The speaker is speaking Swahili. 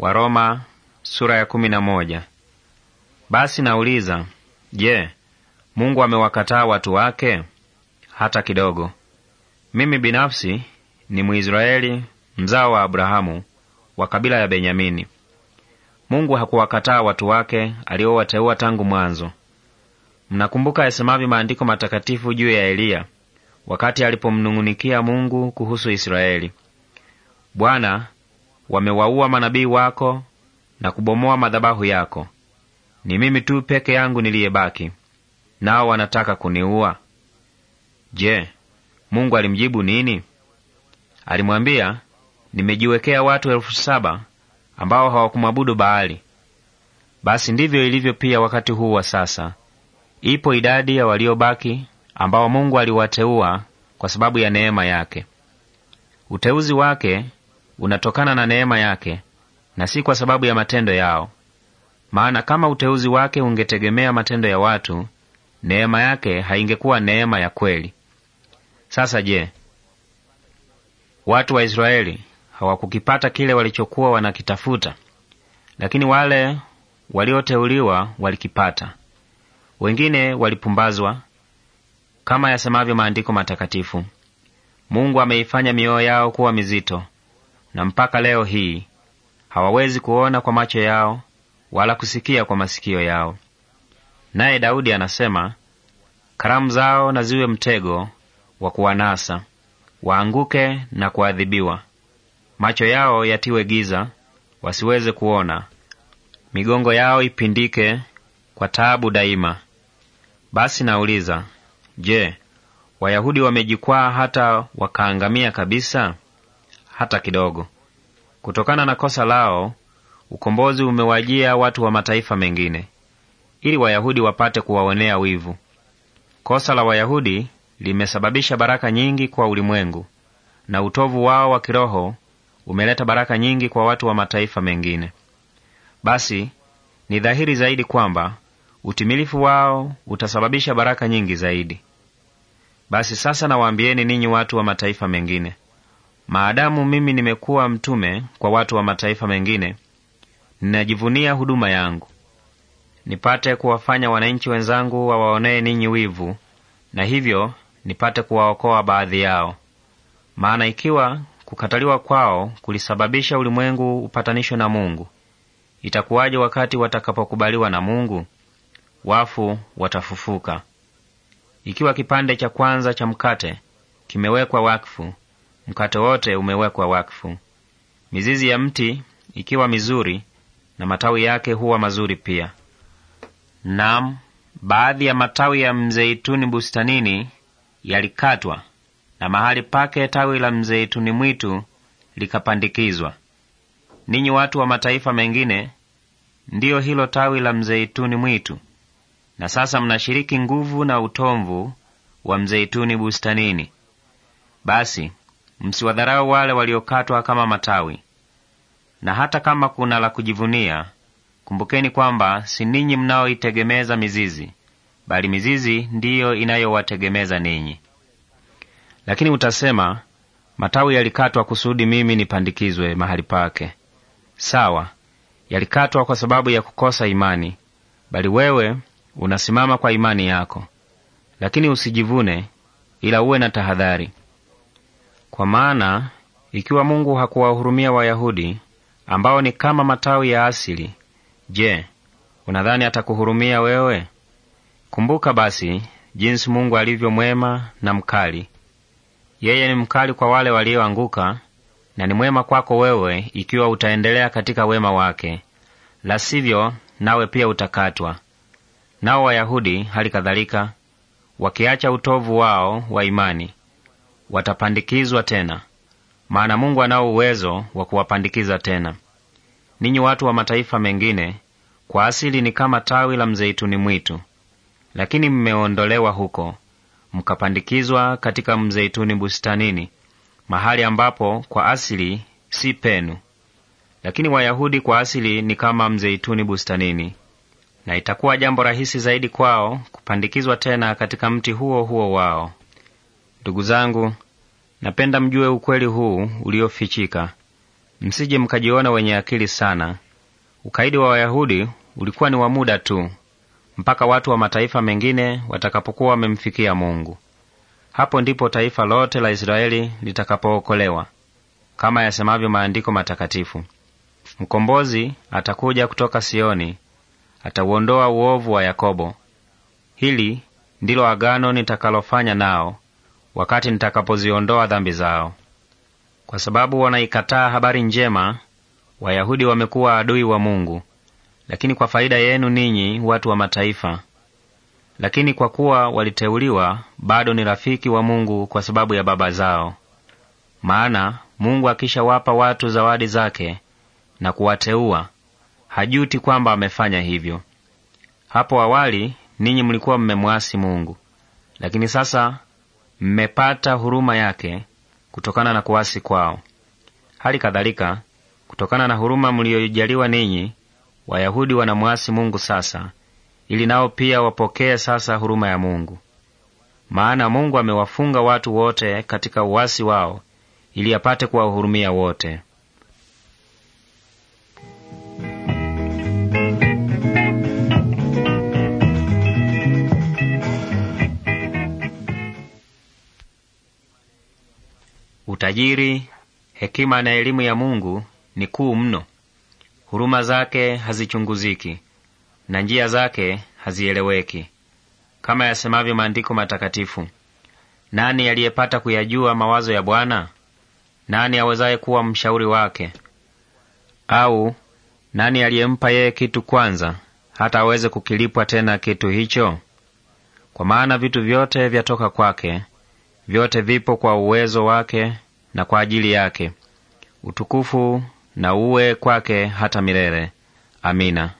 Waroma sura ya kumi na moja. Basi nauliza, je, Mungu amewakataa watu wake? Hata kidogo. Mimi binafsi ni Mwisraeli mzao wa Abrahamu wa kabila ya Benyamini. Mungu hakuwakataa watu wake aliowateua tangu mwanzo. Mnakumbuka yasemavyo maandiko matakatifu juu ya Eliya wakati alipomnung'unikia Mungu kuhusu Israeli. Bwana wamewaua manabii wako na kubomoa madhabahu yako. Ni mimi tu peke yangu niliyebaki, nao wanataka kuniua. Je, Mungu alimjibu nini? Alimwambia, nimejiwekea watu elfu saba ambao hawakumwabudu Baali. Basi ndivyo ilivyo pia wakati huu wa sasa. Ipo idadi ya waliobaki ambao Mungu aliwateua kwa sababu ya neema yake. Uteuzi wake unatokana na neema yake na si kwa sababu ya matendo yao. Maana kama uteuzi wake ungetegemea matendo ya watu, neema yake haingekuwa neema ya kweli. Sasa je, watu wa Israeli hawakukipata kile walichokuwa wanakitafuta? Lakini wale walioteuliwa walikipata. Wengine walipumbazwa, kama yasemavyo maandiko matakatifu, Mungu ameifanya mioyo yao kuwa mizito, na mpaka leo hii hawawezi kuona kwa macho yao wala kusikia kwa masikio yao. Naye Daudi anasema, karamu zao na ziwe mtego wa kuwanasa, waanguke na kuadhibiwa. Macho yao yatiwe giza, wasiweze kuona, migongo yao ipindike kwa taabu daima. Basi nauliza, je, Wayahudi wamejikwaa hata wakaangamia kabisa? hata kidogo. Kutokana na kosa lao, ukombozi umewajia watu wa mataifa mengine, ili Wayahudi wapate kuwaonea wivu. Kosa la Wayahudi limesababisha baraka nyingi kwa ulimwengu, na utovu wao wa kiroho umeleta baraka nyingi kwa watu wa mataifa mengine. Basi ni dhahiri zaidi kwamba utimilifu wao utasababisha baraka nyingi zaidi. Basi sasa nawaambieni ninyi watu wa mataifa mengine Maadamu mimi nimekuwa mtume kwa watu wa mataifa mengine, ninajivunia huduma yangu, nipate kuwafanya wananchi wenzangu wawaonee ninyi wivu, na hivyo nipate kuwaokoa baadhi yao. Maana ikiwa kukataliwa kwao kulisababisha ulimwengu upatanishwe na Mungu, itakuwaje wakati watakapokubaliwa na Mungu? Wafu watafufuka. Ikiwa kipande cha kwanza cha mkate kimewekwa wakfu mkate wote umewekwa wakfu. Mizizi ya mti ikiwa mizuri na matawi yake huwa mazuri pia. Naam, baadhi ya matawi ya mzeituni bustanini yalikatwa na mahali pake tawi la mzeituni mwitu likapandikizwa. Ninyi watu wa mataifa mengine, ndiyo hilo tawi la mzeituni mwitu, na sasa mnashiriki nguvu na utomvu wa mzeituni bustanini. Basi Msiwadharau wale waliokatwa kama matawi. Na hata kama kuna la kujivunia, kumbukeni kwamba si ninyi mnaoitegemeza mizizi, bali mizizi ndiyo inayowategemeza ninyi. Lakini utasema, matawi yalikatwa kusudi mimi nipandikizwe mahali pake. Sawa, yalikatwa kwa sababu ya kukosa imani, bali wewe unasimama kwa imani yako. Lakini usijivune, ila uwe na tahadhari. Kwa maana ikiwa Mungu hakuwahurumia Wayahudi ambao ni kama matawi ya asili, je, unadhani atakuhurumia wewe? Kumbuka basi jinsi Mungu alivyo mwema na mkali. Yeye ni mkali kwa wale walioanguka na ni mwema kwako wewe ikiwa utaendelea katika wema wake, la sivyo nawe pia utakatwa. Nao Wayahudi hali kadhalika, wakiacha utovu wao wa imani watapandikizwa tena, maana Mungu anao uwezo wa kuwapandikiza tena. Ninyi watu wa mataifa mengine kwa asili ni kama tawi la mzeituni mwitu, lakini mmeondolewa huko, mkapandikizwa katika mzeituni bustanini, mahali ambapo kwa asili si penu. Lakini Wayahudi kwa asili ni kama mzeituni bustanini, na itakuwa jambo rahisi zaidi kwao kupandikizwa tena katika mti huo huo wao. Ndugu zangu, napenda mjue ukweli huu uliofichika, msije mkajiona wenye akili sana. Ukaidi wa Wayahudi ulikuwa ni wa muda tu, mpaka watu wa mataifa mengine watakapokuwa wamemfikia Mungu. Hapo ndipo taifa lote la Israeli litakapookolewa, kama yasemavyo maandiko matakatifu: Mkombozi atakuja kutoka Sioni, atauondoa uovu wa Yakobo. Hili ndilo agano nitakalofanya nao, wakati nitakapoziondoa dhambi zao. Kwa sababu wanaikataa habari njema, Wayahudi wamekuwa adui wa Mungu, lakini kwa faida yenu ninyi watu wa mataifa. Lakini kwa kuwa waliteuliwa, bado ni rafiki wa Mungu kwa sababu ya baba zao. Maana Mungu akishawapa watu zawadi zake na kuwateua, hajuti kwamba amefanya hivyo. Hapo awali ninyi mlikuwa mmemwasi Mungu, lakini sasa mmepata huruma yake kutokana na kuwasi kwao. Hali kadhalika, kutokana na huruma mliyojaliwa ninyi, Wayahudi wanamwasi Mungu sasa, ili nao pia wapokee sasa huruma ya Mungu. Maana Mungu amewafunga watu wote katika uwasi wao, ili apate kuwahurumia wote. Utajiri, hekima na elimu ya Mungu ni kuu mno. Huruma zake hazichunguziki na njia zake hazieleweki. Kama yasemavyo maandiko matakatifu, nani aliyepata kuyajua mawazo ya Bwana? Nani awezaye kuwa mshauri wake? Au nani aliyempa yeye kitu kwanza, hata aweze kukilipwa tena kitu hicho? Kwa maana vitu vyote vyatoka kwake, vyote vipo kwa uwezo wake, na kwa ajili yake. Utukufu na uwe kwake hata milele. Amina.